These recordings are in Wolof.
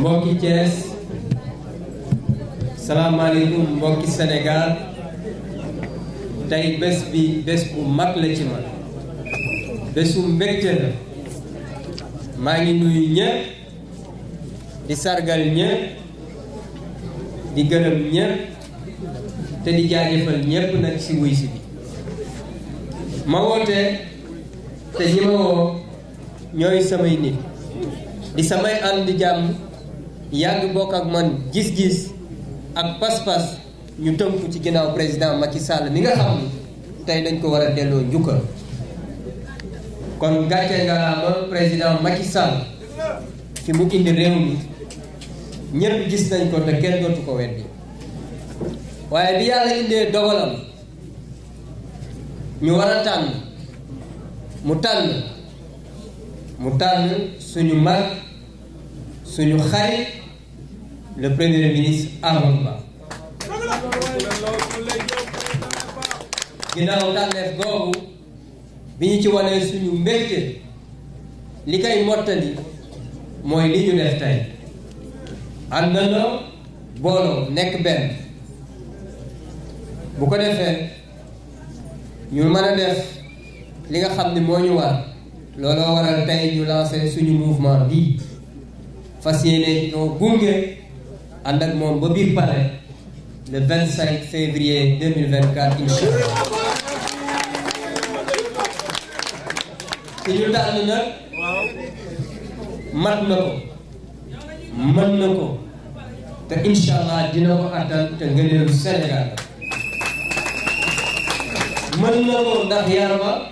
mbokki Thiès salaamaaleykum mbokki Sénégal tey bés bi bés bu mag la ci man bésu mbégte la maa ngi nuyu ñëpp di sargal ñëpp di gënam ñëpp te di jaajëfal ñëpp nag ci wuy si bi ma woote te ñi ma woo ñooy samay nit di samay ànd jàmm yàgg bokk ak man gis-gis ak pas-pas ñu tënku ci ginnaaw président Macky Sall mi nga xam ni tey dañ ko war a delloo njukkal kon gàcce nga amoon président Macky Sall fi mu indi réew mi ñëpp gis nañ ko te kenn dootu ko weddi waaye bi yàlla indee dogalam ñu war a tànn mu tànn. mu nous suñu mag suñu xarit le premier ministre Amadou Ba ginnaaw tànneef googu bi ci wanee suñu mbégte li koy mottali mooy li ñu def bu ko ñu def li nga looloo waral tey ñu lancé suñu mouvement bii fas yéene ñoo gunge ànd ak moom ba biir pare le 25 février 2024 incha allah ki ñu nag mat na ko mën na ko te incha allah dina ko attan te ngëneelu Sénégal la mën na ko ndax yarba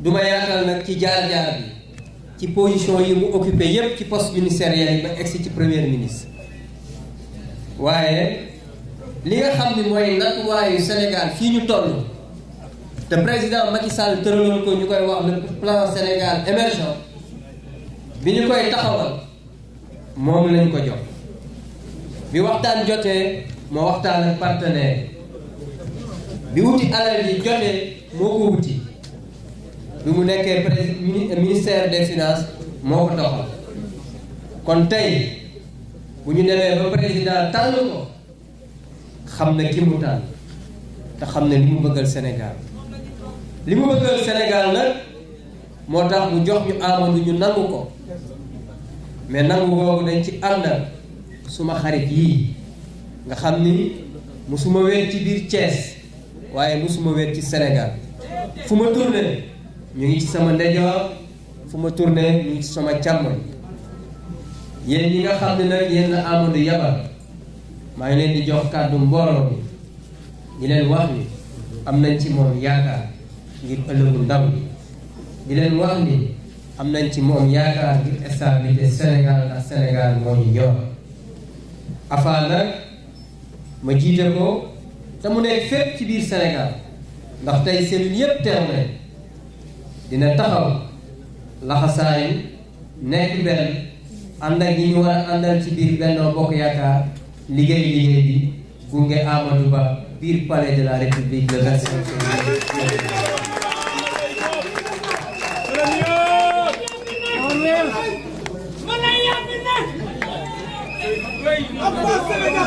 du ma yaatal nag ci jaar-jaar bi ci position yi mu occupé yépp ci post ministériel yi ba egsi ci premier ministre waaye li nga xam ni mooy nattuwaayu Sénégal fii ñu toll te président Macky Sall tëraloon ko ñu koy wax le plan Sénégal émergent bi ñu koy taxawal moom lañ ko jox bi waxtaan jotee moo waxtaan ak partenaire bi wuti alal yi jotee moo ko wuti bi mu nekkee président ministère de finances moo ko doxal kon tey bu ñu demee ba président tànn ko xam na ki mu tànn te xam na li mu bëggal Sénégal li mu bëggal Sénégal nag moo tax mu jox ñu Amadou ñu nangu ko mais nangu boobu dañ ci àndal suma xarit yii nga xam ni ma wéet ci biir Thiès waaye musuma wéet ci Sénégal fu ma tourné ñu ngi ci sama ndejoor fu ma turne ñu ngi ci sama càmmoñ yéen ñi nga xam ne nag yéen la Amadou yabal maa ngi leen di jox kàddu mbooloo bi di leen wax ni am nañ ci moom yaakaar ngir ëllëgu bi di leen wax nañ ci moom yaakaar ngir stabilité Sénégal ndax Sénégal moo ñu ñor afaan nag ma jiite ko te mu nekk fépp ci biir Sénégal ndax tey cellule yépp teew nañ dina taxaw laxasaay nekk benn ànd ak ñi ñu wara andal àndal ci biir bennoo bokk yaakaar liggéey liggéey bi gunge Amadou Ba bir palais de la République le 25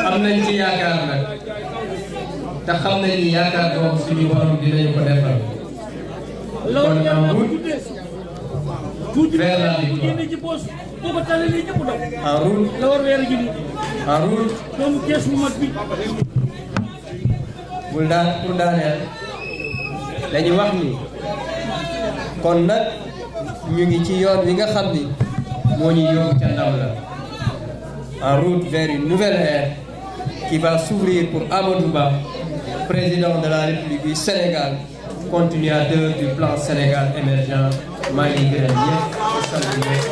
am nañ ci yaakaar nag te xam nañ ni yaakaar boobu suñu borom dinañu ko defal loolu yàlla na ko bul daaneel dañu wax ni kon nag ñu ngi ci yoon wi nga xam ni moo ñu yóbbu ca ndam la en route vers une nouvelle ère va s'ouvrir pour Amadou Ba président de la République Sénégal continuateur du plan Sénégal émergent Mali Grenier.